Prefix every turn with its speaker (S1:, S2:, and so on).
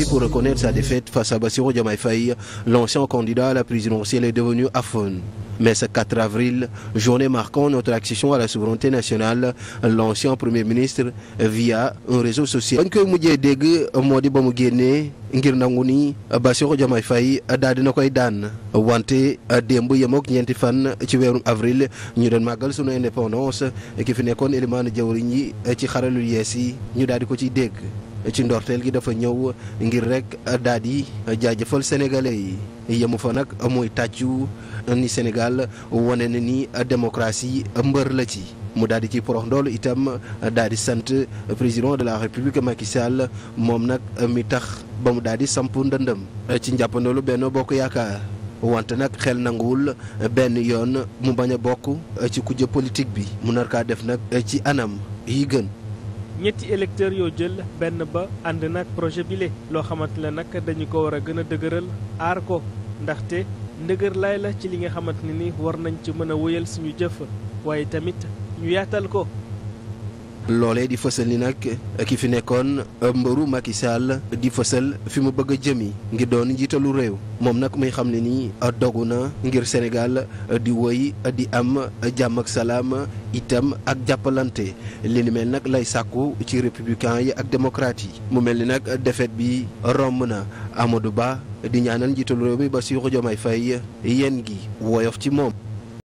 S1: parti pour reconnaître sa défaite face à Bassirou Diomaye Faye, l'ancien candidat à la présidentielle est devenu aphone. Mais ce 4 avril, journée marquant notre accession à la souveraineté nationale, l'ancien Premier ministre via un réseau social. bañ koy mujjee dégg moo di ba mu génnee ngir nangu ni Bassirou Diomaye Faye daal dina koy daan wante démb yem ak ñeenti fan ci weeru avril ñu doon màggal sunu indépendance ki fi nekkoon élément jawriñ yi ci xaralul yees yi ñu daal di ko ciy dégg. ci ndorteel gi dafa ñëw ngir rek daal di jaajëfal sénégalais yi yemu fa nag mooy tàccu ni Sénégal wone na ni démocratie mbër la ci. mu daal di ci porox ndoolu itam daal di sant président de la république Macky Sall moom nag mi tax ba mu daal di samp ndëndam ci njàppandoolu benn bokk yaakaar wante nag xel nanguwul benn yoon mu bañ a bokk ci kujje politique bi mu nar kaa def nag ci anam yi gën.
S2: ñetti électeurs yoo jël benn ba ànd nag projet bi le loo xamante ne nag dañu ko war a gën a dëgëral aar ko ndaxte ndëgër lay la ci li nga xamante ne ni war nañ ci mën a wéyal suñu jëf waaye tamit ñu yaatal ko
S1: loolee di fësal ni nag eh, ki fi nekkoon eh, mbëru Macky Sall di fësal fi mu bëgg a jëmi ngir doon njiitalu réew moom nag muy xam ne nii eh, dogu na ngir Sénégal di woy di am jàmm ak salaam itam ak jàppalante li ni mel nag lay sàkku ci républicain yi ak démocrate yi mu mel ni nag defet bi romb na amadu Ba di ñaanal njiitalu réew mi Bassirou Diomaye Faye yéen gi woyof ci moom